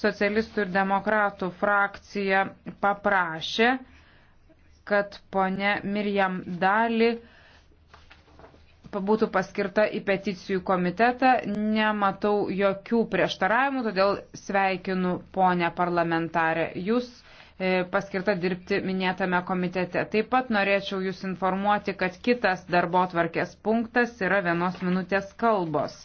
socialistų ir demokratų frakcija paprašė, kad ponė Mirjam Dali būtų paskirta į peticijų komitetą. Nematau jokių prieštaravimų, todėl sveikinu ponę parlamentarę. Jūs e, paskirta dirbti minėtame komitete. Taip pat norėčiau Jūs informuoti, kad kitas darbo tvarkės punktas yra vienos minutės kalbos.